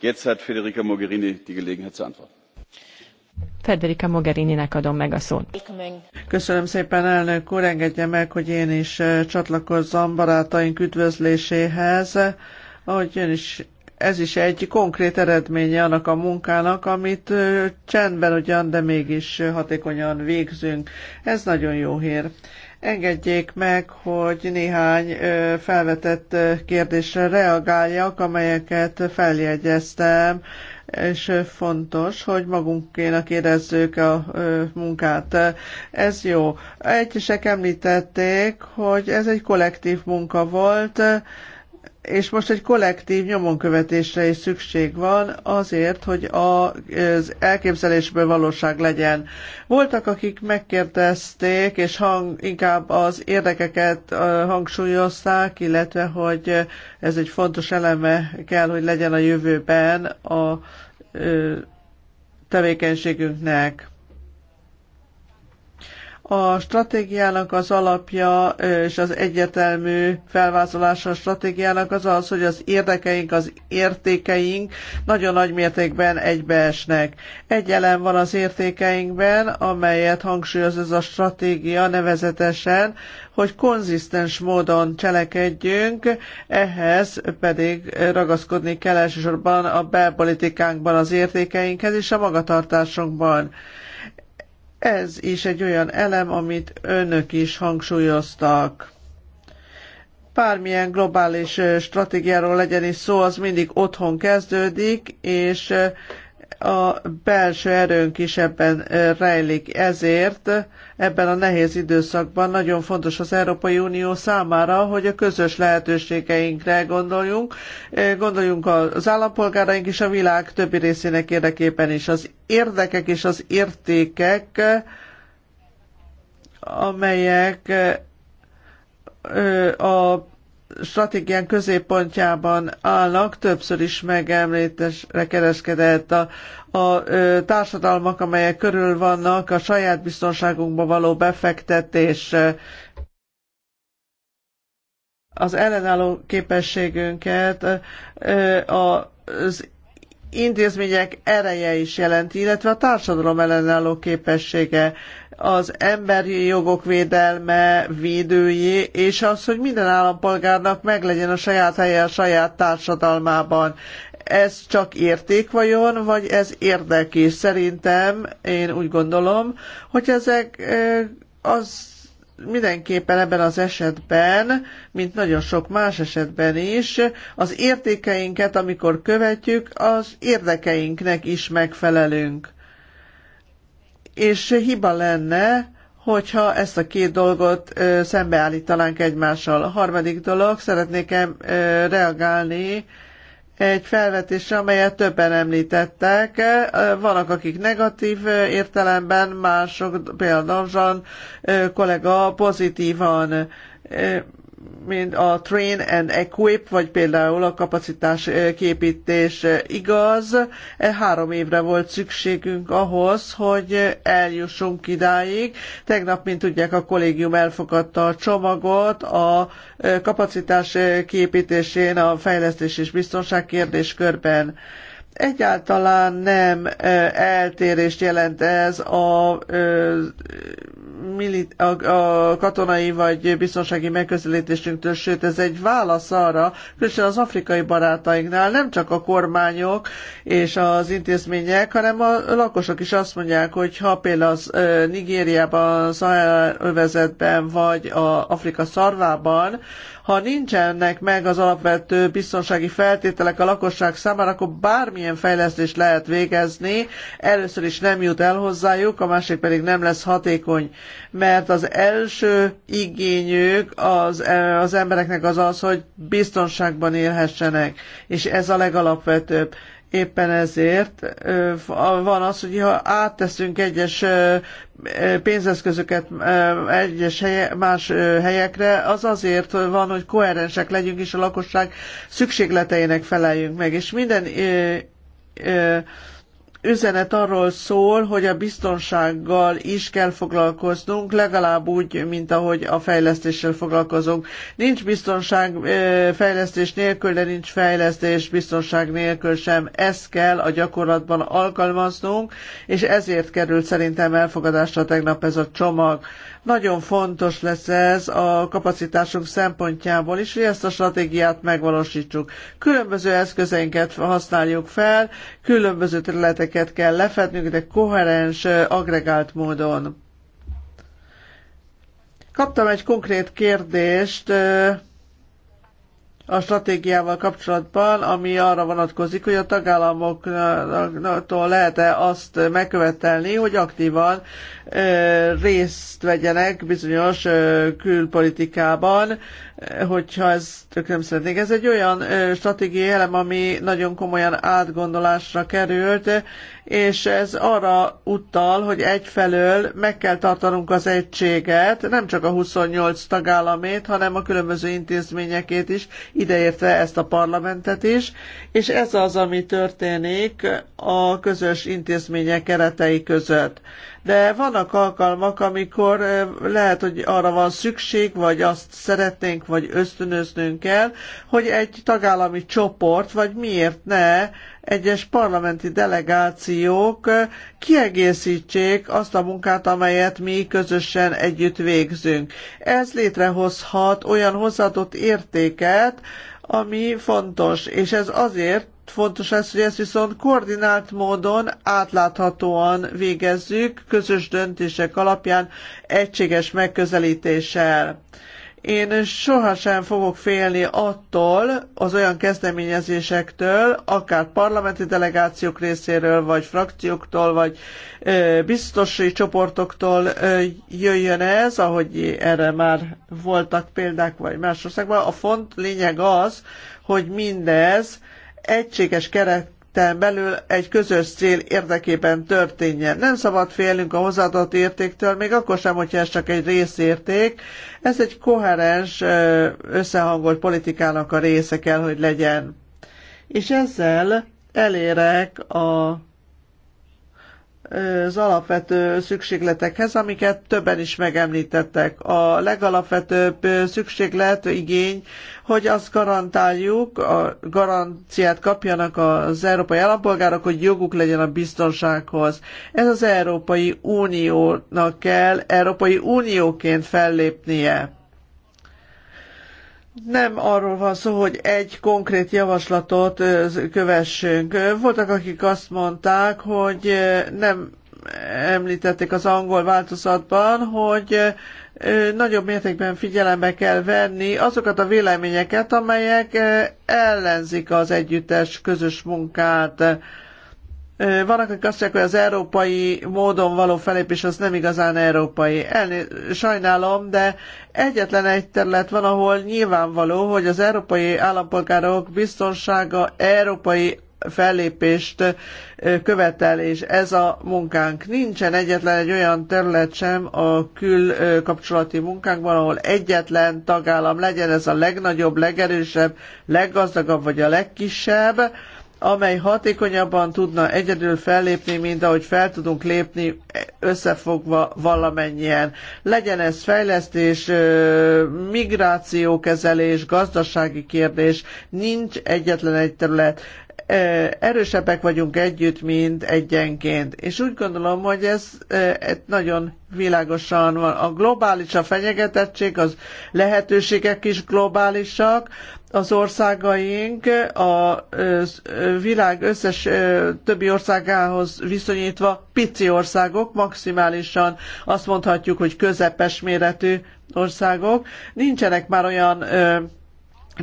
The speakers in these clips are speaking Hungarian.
jetzt hat Federica Mogherini die Gelegenheit zu antworten. Federica Mogherininek adom meg a szót. Köszönöm szépen, elnök úr, engedje meg, hogy én is csatlakozzam barátaink üdvözléséhez. Ahogy ön is ez is egy konkrét eredménye annak a munkának, amit csendben ugyan, de mégis hatékonyan végzünk. Ez nagyon jó hír. Engedjék meg, hogy néhány felvetett kérdésre reagáljak, amelyeket feljegyeztem, és fontos, hogy magunkénak érezzük a munkát. Ez jó. Egyesek említették, hogy ez egy kollektív munka volt, és most egy kollektív nyomonkövetésre is szükség van azért, hogy az elképzelésből valóság legyen. Voltak, akik megkérdezték, és hang, inkább az érdekeket hangsúlyozták, illetve, hogy ez egy fontos eleme kell, hogy legyen a jövőben a tevékenységünknek. A stratégiának az alapja és az egyetelmű felvázolása a stratégiának az az, hogy az érdekeink, az értékeink nagyon nagy mértékben egybeesnek. Egy elem van az értékeinkben, amelyet hangsúlyoz ez a stratégia nevezetesen, hogy konzisztens módon cselekedjünk, ehhez pedig ragaszkodni kell elsősorban a belpolitikánkban az értékeinkhez és a magatartásunkban. Ez is egy olyan elem, amit önök is hangsúlyoztak. Bármilyen globális stratégiáról legyen is szó, az mindig otthon kezdődik, és a belső erőnk is ebben rejlik. Ezért ebben a nehéz időszakban nagyon fontos az Európai Unió számára, hogy a közös lehetőségeinkre gondoljunk. Gondoljunk az állampolgáraink és a világ többi részének érdekében is. Az érdekek és az értékek, amelyek a stratégián középpontjában állnak, többször is megemlítésre kereskedett a, a ö, társadalmak, amelyek körül vannak, a saját biztonságunkba való befektetés, az ellenálló képességünket, ö, az intézmények ereje is jelenti, illetve a társadalom ellenálló képessége, az emberi jogok védelme, védőjé, és az, hogy minden állampolgárnak meglegyen a saját helye a saját társadalmában. Ez csak érték vajon, vagy ez érdek Szerintem, én úgy gondolom, hogy ezek az mindenképpen ebben az esetben, mint nagyon sok más esetben is, az értékeinket, amikor követjük, az érdekeinknek is megfelelünk. És hiba lenne, hogyha ezt a két dolgot ö, szembeállítanánk egymással. A harmadik dolog, szeretnék reagálni egy felvetésre, amelyet többen említettek. Vannak, akik negatív értelemben, mások, például Zsan kollega pozitívan mint a train and equip, vagy például a kapacitás képítés igaz. E három évre volt szükségünk ahhoz, hogy eljussunk idáig. Tegnap, mint tudják, a kollégium elfogadta a csomagot a kapacitás képítésén a fejlesztés és biztonság kérdéskörben egyáltalán nem eltérést jelent ez a milit- a, a katonai vagy biztonsági megközelítésünktől, sőt ez egy válasz arra, különösen az afrikai barátainknál nem csak a kormányok és az intézmények, hanem a lakosok is azt mondják, hogy ha például az Nigériában, Szahel övezetben vagy a Afrika szarvában, ha nincsenek meg az alapvető biztonsági feltételek a lakosság számára, akkor bármilyen fejlesztést lehet végezni, először is nem jut el hozzájuk, a másik pedig nem lesz hatékony mert az első igényük az, az embereknek az az, hogy biztonságban élhessenek, és ez a legalapvetőbb. Éppen ezért van az, hogy ha átteszünk egyes pénzeszközöket egyes helye, más helyekre, az azért van, hogy koherensek legyünk, és a lakosság szükségleteinek feleljünk meg. És minden üzenet arról szól, hogy a biztonsággal is kell foglalkoznunk, legalább úgy, mint ahogy a fejlesztéssel foglalkozunk. Nincs biztonság fejlesztés nélkül, de nincs fejlesztés biztonság nélkül sem. Ezt kell a gyakorlatban alkalmaznunk, és ezért került szerintem elfogadásra tegnap ez a csomag. Nagyon fontos lesz ez a kapacitásunk szempontjából is, hogy ezt a stratégiát megvalósítsuk. Különböző eszközeinket használjuk fel, különböző területeken ezeket kell lefednünk, de koherens, agregált módon. Kaptam egy konkrét kérdést a stratégiával kapcsolatban, ami arra vonatkozik, hogy a tagállamoktól lehet-e azt megkövetelni, hogy aktívan részt vegyenek bizonyos külpolitikában, hogyha ez tök nem szeretnék. Ez egy olyan stratégiai elem, ami nagyon komolyan átgondolásra került, és ez arra utal, hogy egyfelől meg kell tartanunk az egységet, nem csak a 28 tagállamét, hanem a különböző intézményekét is, ideértve ezt a parlamentet is, és ez az, ami történik a közös intézmények keretei között de vannak alkalmak, amikor lehet, hogy arra van szükség, vagy azt szeretnénk, vagy ösztönöznünk kell, hogy egy tagállami csoport, vagy miért ne, egyes parlamenti delegációk kiegészítsék azt a munkát, amelyet mi közösen együtt végzünk. Ez létrehozhat olyan hozzáadott értéket, ami fontos, és ez azért fontos az, hogy ezt viszont koordinált módon, átláthatóan végezzük, közös döntések alapján, egységes megközelítéssel. Én sohasem fogok félni attól az olyan kezdeményezésektől, akár parlamenti delegációk részéről, vagy frakcióktól, vagy ö, biztosi csoportoktól jöjjön ez, ahogy erre már voltak példák, vagy más országban. A font lényeg az, hogy mindez, egységes kereten belül egy közös cél érdekében történjen. Nem szabad félnünk a hozzáadott értéktől, még akkor sem, hogyha ez csak egy részérték. Ez egy koherens, összehangolt politikának a része kell, hogy legyen. És ezzel elérek a az alapvető szükségletekhez, amiket többen is megemlítettek. A legalapvetőbb szükséglet, igény, hogy azt garantáljuk, a garanciát kapjanak az európai állampolgárok, hogy joguk legyen a biztonsághoz. Ez az Európai Uniónak kell, Európai Unióként fellépnie nem arról van szó, hogy egy konkrét javaslatot kövessünk. Voltak, akik azt mondták, hogy nem említették az angol változatban, hogy nagyobb mértékben figyelembe kell venni azokat a véleményeket, amelyek ellenzik az együttes közös munkát vannak, akik azt mondják, hogy az európai módon való felépés az nem igazán európai. Elné- sajnálom, de egyetlen egy terület van, ahol nyilvánvaló, hogy az európai állampolgárok biztonsága európai fellépést követel, és ez a munkánk. Nincsen egyetlen egy olyan terület sem a külkapcsolati munkánkban, ahol egyetlen tagállam legyen, ez a legnagyobb, legerősebb, leggazdagabb vagy a legkisebb, amely hatékonyabban tudna egyedül fellépni, mint ahogy fel tudunk lépni összefogva valamennyien. Legyen ez fejlesztés, migrációkezelés, gazdasági kérdés, nincs egyetlen egy terület erősebbek vagyunk együtt, mint egyenként. És úgy gondolom, hogy ez nagyon világosan van. A globális a fenyegetettség, az lehetőségek is globálisak, az országaink a világ összes többi országához viszonyítva pici országok, maximálisan azt mondhatjuk, hogy közepes méretű országok. Nincsenek már olyan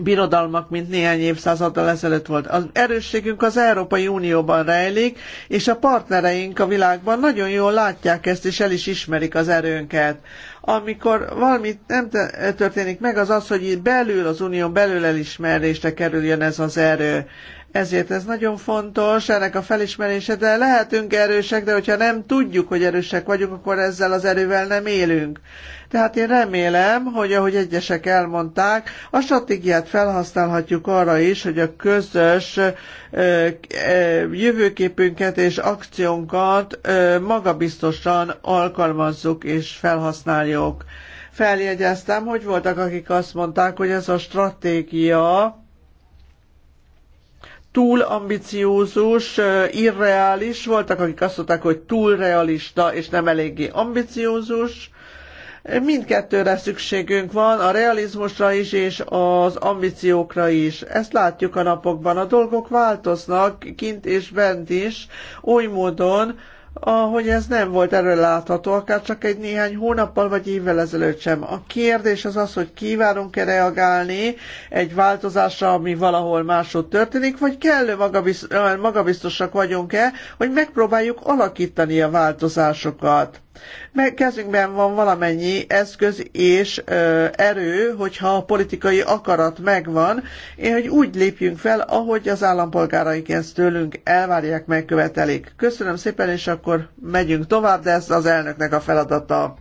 birodalmak, mint néhány évszázaddal ezelőtt volt. Az erősségünk az Európai Unióban rejlik, és a partnereink a világban nagyon jól látják ezt, és el is ismerik az erőnket. Amikor valamit nem történik meg, az az, hogy belül, az Unió belül elismerésre kerüljön ez az erő. Ezért ez nagyon fontos, ennek a felismerése, de lehetünk erősek, de hogyha nem tudjuk, hogy erősek vagyunk, akkor ezzel az erővel nem élünk. Tehát én remélem, hogy ahogy egyesek elmondták, a stratégiát felhasználhatjuk arra is, hogy a közös ö, jövőképünket és akciónkat ö, magabiztosan alkalmazzuk és felhasználjuk. Feljegyeztem, hogy voltak, akik azt mondták, hogy ez a stratégia, túl ambiciózus, irreális, voltak, akik azt mondták, hogy túl realista és nem eléggé ambiciózus. Mindkettőre szükségünk van, a realizmusra is és az ambíciókra is. Ezt látjuk a napokban. A dolgok változnak kint és bent is, oly módon, ahogy ez nem volt erről látható, akár csak egy néhány hónappal vagy évvel ezelőtt sem. A kérdés az az, hogy kívánunk-e reagálni egy változásra, ami valahol máshol történik, vagy kellő magabiztosak vagyunk-e, hogy megpróbáljuk alakítani a változásokat. Mert kezünkben van valamennyi eszköz és ö, erő, hogyha a politikai akarat megvan, és hogy úgy lépjünk fel, ahogy az állampolgáraik ezt tőlünk elvárják, megkövetelik. Köszönöm szépen, és akkor megyünk tovább, de ez az elnöknek a feladata.